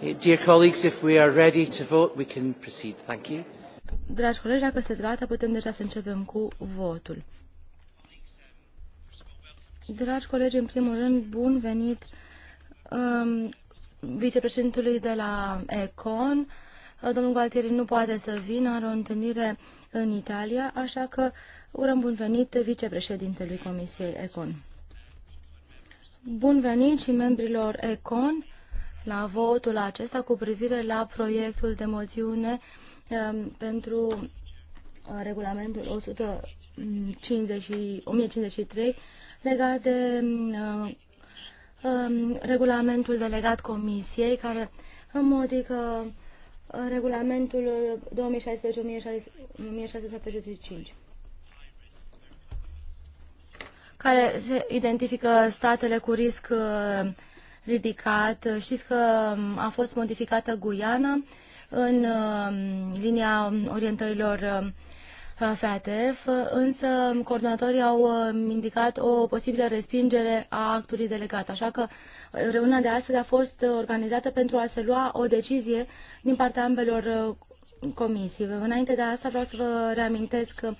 Eh, dear colleagues, if we are ready to vote, we can proceed. Thank you. Dragi colegi, dacă sunteți gata, putem deja să începem cu votul. Dragi colegi, în primul rând, bun venit um, vicepreședintului de la Econ. Uh, domnul Gualtieri nu poate să vină, are o întâlnire în Italia, așa că urăm bun venit vicepreședintelui Comisiei Econ. Bun venit și membrilor Econ la votul acesta cu privire la proiectul de moțiune um, pentru uh, regulamentul 150, 1053 legat de uh, um, regulamentul delegat Comisiei care modică uh, regulamentul 2016-1675 care se identifică statele cu risc ridicat. Știți că um, a fost modificată Guiana în um, linia orientărilor FATF, um, însă coordonatorii au indicat o posibilă respingere a actului delegat. Așa că uh, reuniunea de astăzi a fost uh, organizată pentru a se lua o decizie din partea ambelor uh, comisii. Înainte de asta vreau să vă reamintesc că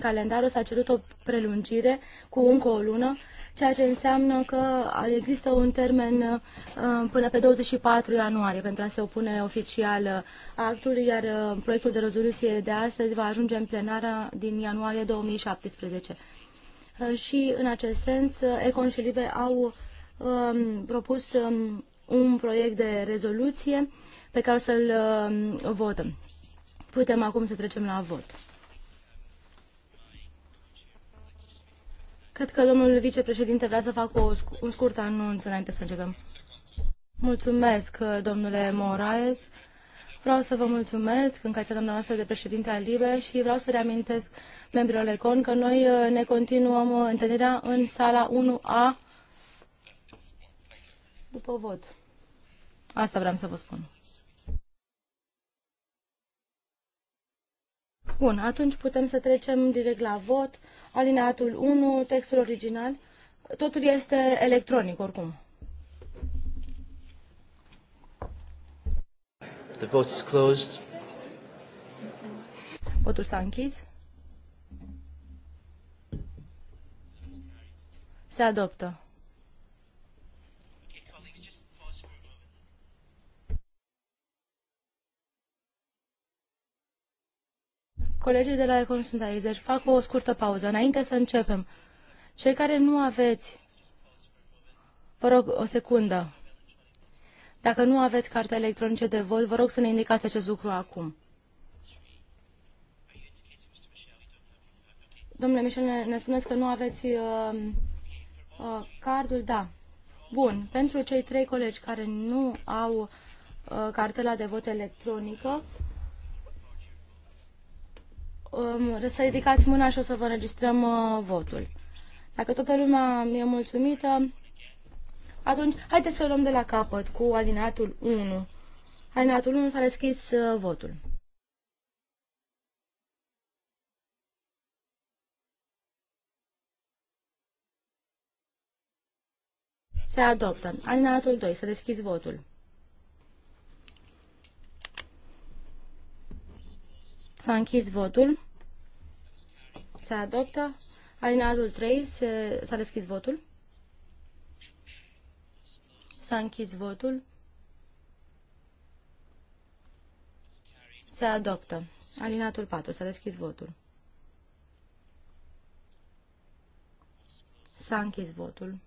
calendarul s-a cerut o prelungire cu încă o lună ceea ce înseamnă că există un termen uh, până pe 24 ianuarie pentru a se opune oficial actului, iar uh, proiectul de rezoluție de astăzi va ajunge în plenară din ianuarie 2017. Uh, și în acest sens, Econ și Libe au um, propus um, un proiect de rezoluție pe care să-l um, votăm. Putem acum să trecem la vot. Cred că domnul vicepreședinte vrea să facă un scurt anunț înainte să începem. Mulțumesc, domnule Moraes. Vreau să vă mulțumesc în calitatea dumneavoastră de președinte al LIBE și vreau să reamintesc membrilor ECON că noi uh, ne continuăm uh, întâlnirea în sala 1A după vot. Asta vreau să vă spun. Bun, atunci putem să trecem direct la vot. Alineatul 1, textul original. Totul este electronic oricum. The vote is closed. Votul s-a închis. Se adoptă. Colegii de la Econ sunt aici, deci fac o scurtă pauză înainte să începem. Cei care nu aveți, vă rog o secundă. Dacă nu aveți carte electronice de vot, vă rog să ne indicați acest lucru acum. Domnule Mișel, ne, ne spuneți că nu aveți uh, uh, cardul? Da. Bun. Pentru cei trei colegi care nu au uh, cartela de vot electronică, um, să ridicați mâna și o să vă înregistrăm uh, votul. Dacă toată lumea e mulțumită, atunci haideți să o luăm de la capăt cu alineatul 1. Alineatul 1 s-a deschis uh, votul. Se adoptă. Alineatul 2. Să deschis votul. S-a închis votul. Se adoptă. Alineatul 3. S-a deschis votul. S-a închis votul. Se adoptă. Alineatul 4. S-a deschis votul. S-a închis votul.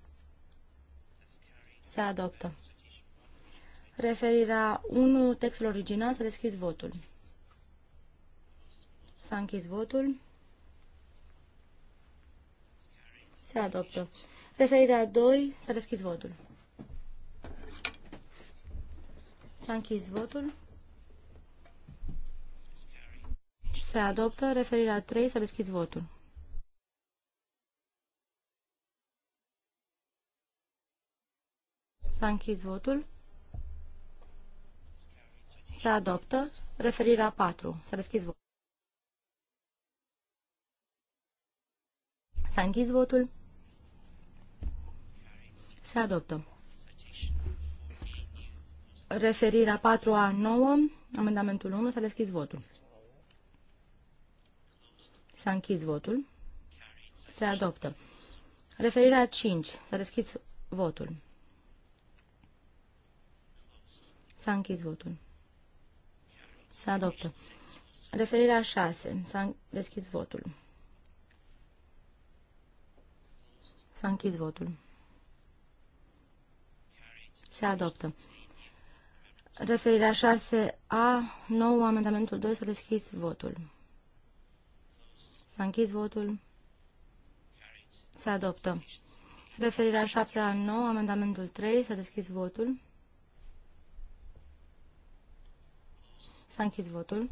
Se adoptă. Referirea 1, textul original, s-a deschis votul. S-a închis votul. Se adoptă. Referirea 2. S-a deschis votul. S-a închis votul. Se adoptă. Referirea 3. S-a deschis votul. S-a închis votul. Se adoptă. Referirea 4. S-a deschis votul. S-a închis votul. Se adoptă. Referirea 4A9, amendamentul 1, s-a deschis votul. S-a închis votul. Se adoptă. Referirea 5, s-a deschis votul. S-a închis votul. Se adoptă. Referirea 6, s-a deschis votul. S-a închis votul. Se adoptă. Referirea 6A, nou amendamentul 2, s-a deschis votul. S-a închis votul. Se adoptă. Referirea 7A, nou amendamentul 3, s-a deschis votul. S-a închis votul.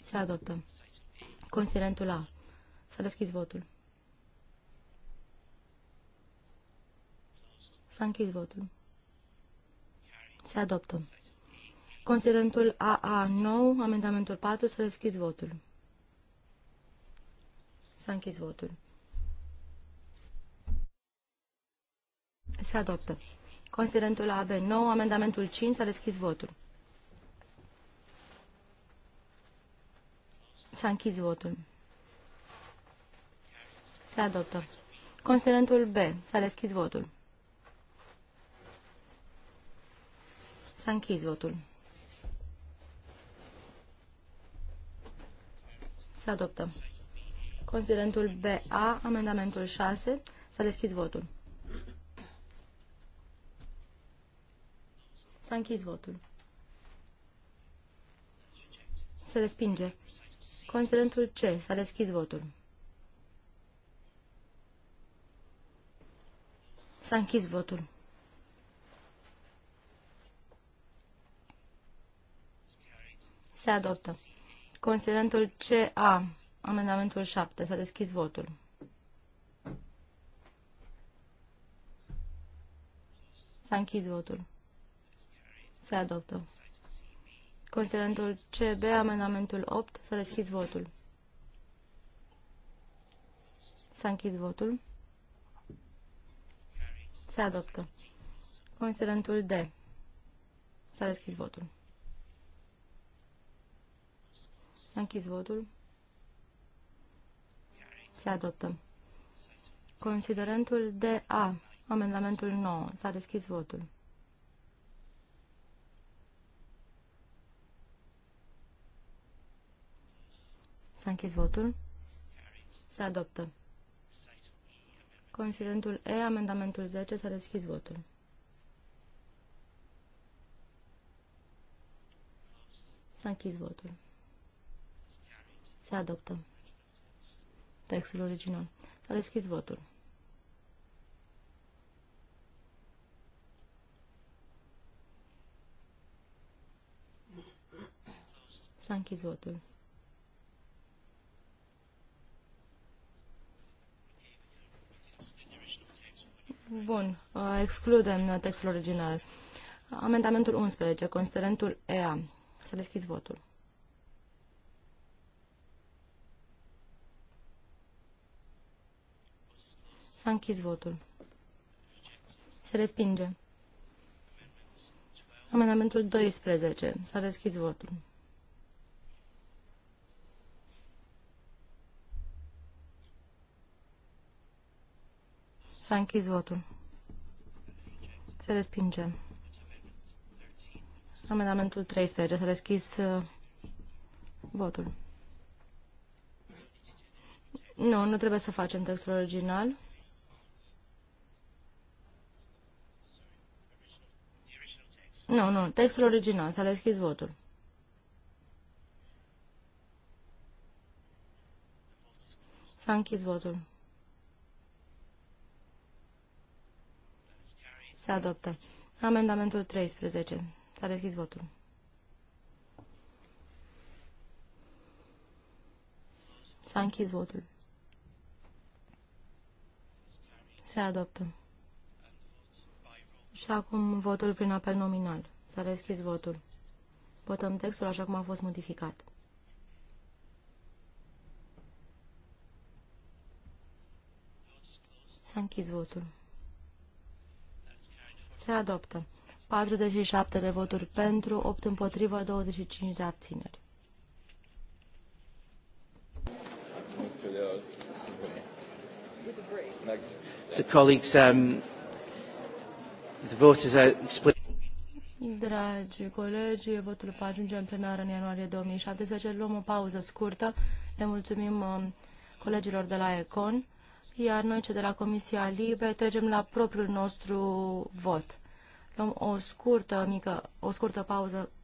Se adoptă. Considerentul A. S-a deschis votul. S-a închis votul. Se adoptă. Considerentul AA9, amendamentul 4, să a deschis votul. S-a închis votul. Se adoptă. Considerentul AB9, amendamentul 5, s-a deschis votul. S-a închis votul. Se adoptă. Considerentul B, s-a deschis votul. S-a votul. Se adoptă. Considerentul BA, amendamentul 6, s-a deschis votul. S-a închis votul. Se respinge. Considerentul C, s-a deschis votul. S-a închis votul. Se adoptă. Considerentul CA, amendamentul 7. S-a deschis votul. S-a închis votul. Se adoptă. Considerentul CB, amendamentul 8. S-a deschis votul. S-a închis votul. Se adoptă. Considerentul D. S-a deschis votul. Închis votul. Se adoptă. Considerentul DA, amendamentul 9. S-a deschis votul. S-a închis votul. Se adoptă. Considerentul E, amendamentul 10. S-a deschis votul. S-a închis votul. Se adoptă. Textul original. S-a deschis votul. S-a închis votul. Bun, uh, excludem textul original. Amendamentul 11, considerentul EA. S-a deschis votul. S-a închis votul. Se respinge. Amendamentul 12. S-a deschis votul. S-a închis votul. Se respinge. Amendamentul 13. S-a deschis uh, votul. Nu, nu trebuie să facem textul original. Nu, nu, textul original, s-a deschis votul. S-a închis votul. Se adoptă. Amendamentul 13. S-a deschis votul. S-a închis votul. Se adoptă. Și acum votul prin apel nominal. S-a deschis votul. Votăm textul așa cum a fost modificat. S-a închis votul. Se adoptă. 47 de voturi pentru, 8 împotrivă, 25 de abțineri. So colleagues, um, Dragi colegi, votul va ajunge în plenară în ianuarie 2017. Luăm o pauză scurtă. Le mulțumim um, colegilor de la ECON, iar noi, cei de la Comisia Libe, trecem la propriul nostru vot. Luăm o scurtă, mică, o scurtă pauză